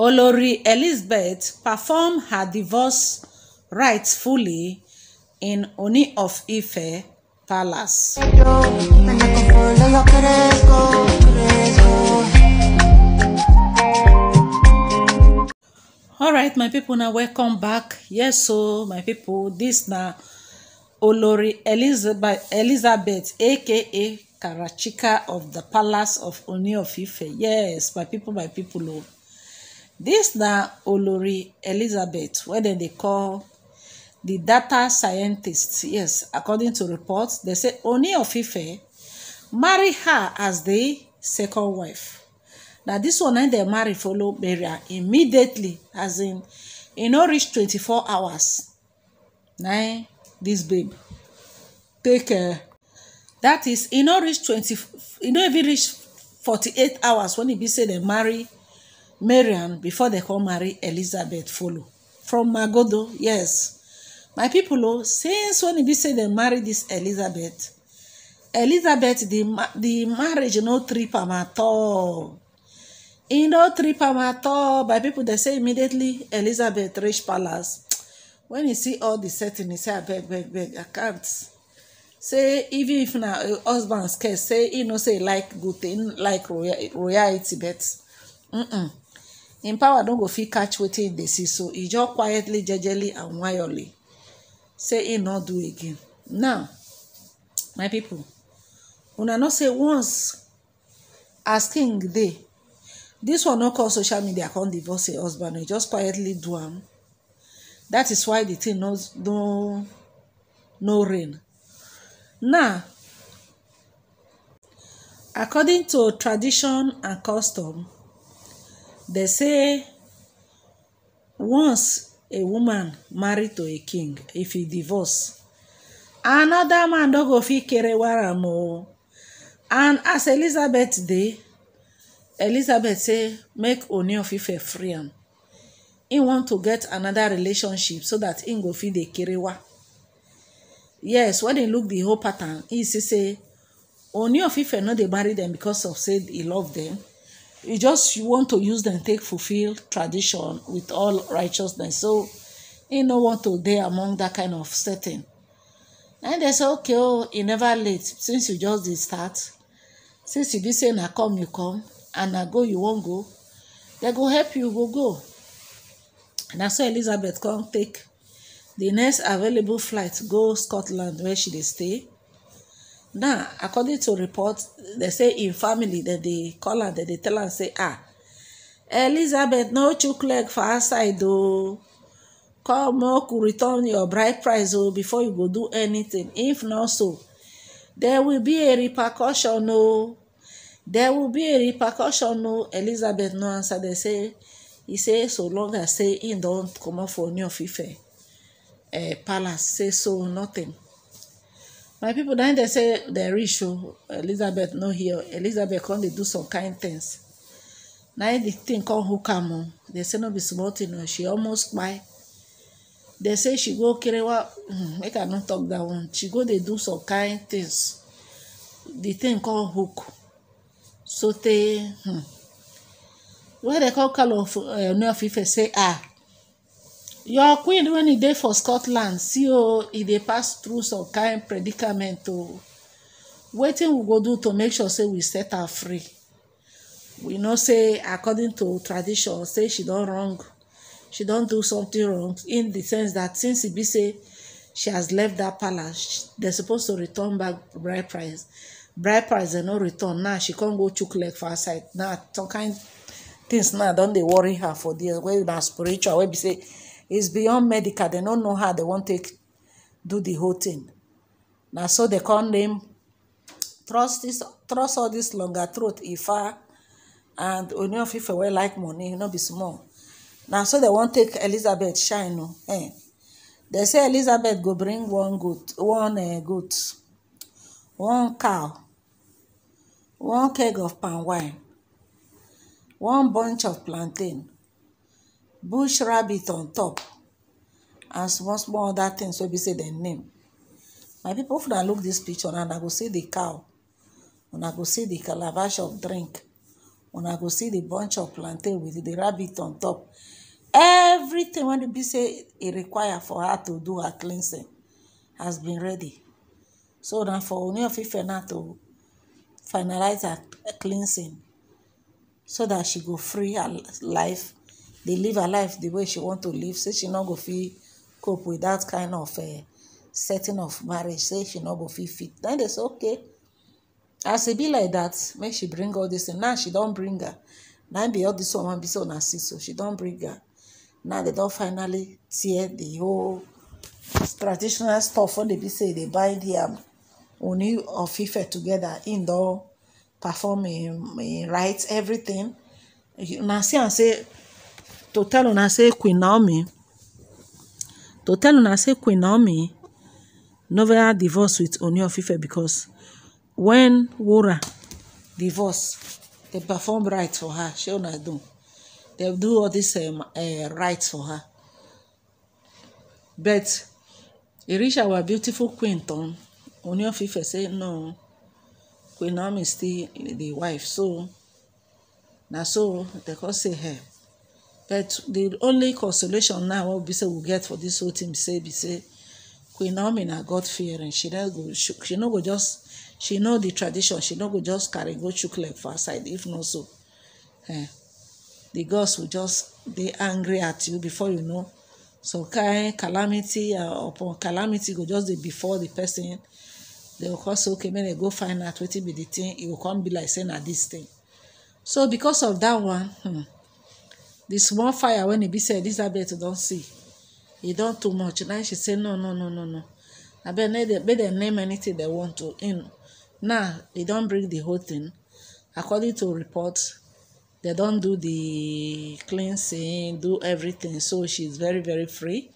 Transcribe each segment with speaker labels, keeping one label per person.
Speaker 1: Olori Elizabeth perform her divorce rites fully in Oni of Ife Palace. alright my people. Now welcome back yes so my people, this na olori elizabeth Elizabeth, aka karachika of the palace of oni of ife yes my people, my people. o oh dis na olori elizabeth wey dem dey call di data scientist yes according to report dem say oni of marry her as di second wife na dis one na dem marry follow marry immediately as in e no reach four hours na dis babe take eh, that is e no reach 20 e no even reach 48 hours when e be say dem marry Marian before they come marry Elizabeth follow from Magodo yes my people Oh, since when e say they marry this Elizabeth Elizabeth the the marriage no trip am at all e no trip am at all by people they say immediately Elizabeth reach palace when you see all the setting you say abeg ah, beg beg I can't say even if na eh, husband's case. say e know say like good thing like royalty but mm-mm im power no go fit catch wetin im dey see so e just quietly jejely and wildly say im no do again now my pipo una know say once as king dey dis one no call social media come divorce her husband e just quietly do am That is why the thing no no no rain now according to tradition and custom They say once a woman married to a king if he divorce another man don go fit carry am o and as elizabeth dey elizabeth say make oni of ife free am he want to get another relationship so that he go fit dey kerewa yes when he look the whole pattern he see say oni of ife no dey marry them because of said he love them you just you want to use them take fulfill tradition with all righteousness so he no want to dey among that kind of setting and they say okay oh e never late since you just dey start since you be say na come you come and na go you wan go They go help you go go na so elizabeth come take the next available flight go scotland where she dey stay now according to report they say in family that they call am dem dey tell and say ah elizabeth no chook leg for outside o oh. come make oh, you return your bride price oh before you go do anything if not so there will be a repercussion o oh. there will be a repercussion o elizabeth no answer they say He say so long as say im don comot for new of ife eh, palace say so nothing my people na dem say dem reach o elizabeth no hear elizabeth come dey do some kind things na the thing come hook am o dem say no be small thing o she almost kpai dem say she go kerewa hmm, make i no talk that one she go dey do some kind things the thing come hook sotey hmm. when dem call call of uh, eh, ooni of say ah your queen when e dey for scotland see o oh, e dey pass through some kain predicament o oh. wetin we go do to make sure say we set her free we know say according to tradition say she don wrong she don do something wrong in the sense that since e be say she has left that palace dem suppose to return back bride price bride price dem no return now she con go chook leg for side now some kain things now don dey worry her for there wey na spiritual wey be say is beyond medical They don't know how They won't take do the whole thing Now, so they call name trust this trust all this longer throat ifa and only of ife wey like money no be small Now, so they won't take elizabeth shine No, eh They say elizabeth go bring one goat one eh, goat one cow one keg of palm wine one bunch of plantain bush rabbit on top and small small other things wey be say dem name my people if una look this picture na una go see the cow una go see the calabash of drink una go see the bunch of plantain with the rabbit on top everything wey be say e require for her to do her cleansing has been ready so na for Ooni of Ife now to finalize her cleansing so that she go free her life They live her life the way she want to live say she not go fit cope with that kind of eh, setting of marriage say she not go fit fit then it's okay as e be like that, make she bring all this and now she don't bring her Now be all this woman be so narcissist. so she don't bring her now they don't finally tear the whole traditional stuff wey they be say they bind yam oni or FIFA together in don perform im everything na see am say to tell una say Queen Naomi to tell una say Queen Naomi never divorce with Ooni of because when Wura divorce dem perform right for her shey una do dem do all dis um, uh, eh, right for her but e reach our beautiful queen turn Ooni of say no Queen Naomi still the wife so na so dem come say hey but the only consolation now what we say we get for this whole thing say be say queen naomi na god fearing she no go she no go just she know the tradition she no go just carry go chook leg for side if not so eh the gods will just dey angry at you before you know some kind calamity uh, upon calamity go just dey before the person they go come say okay make dem go find out wetin be the thing e go come be like say na this thing so because of that one hmm, the small fire when e be say elizabeth don see e don too much Now she say no no no no no abeg make dem name anything they want to in. now e don break the whole thing according to report they don do the cleansing do everything so she is very very free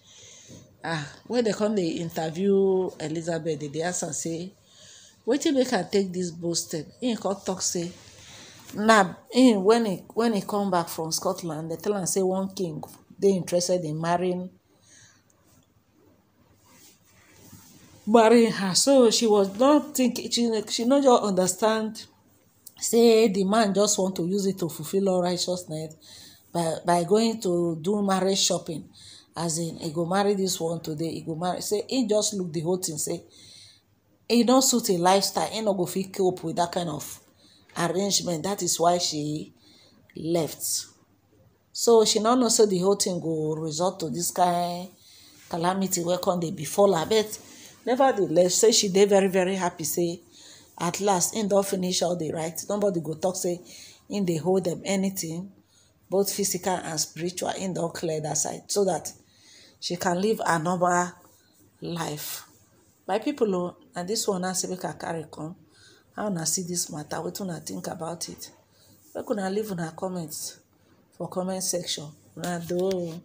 Speaker 1: ah when they come dey interview elizabeth they dey ask am say wetin make her take this bold step im come talk say Now, when he when he come back from scotland they tell am say one king they interested in marrying marrying her so she was not think she she not just understand say the man just want to use it to fulfill all righteousness by by going to do marriage shopping as in he go marry this one today he go marry say he just look the whole thing say he don't suit him lifestyle He no go fit cope with that kind of arrangement that is why she left so she no know say the whole thing go result to this kind calamity wey come dey befall her but nevertheless say she dey very very happy say at last im don finish all the right nobody go talk say im dey hold dem anything both physical and spiritual im don clear that side so that she can live her normal life my people o oh, na this one na say make carry come how una see this matter wetin una think about it make una leave una comments for comment section una do.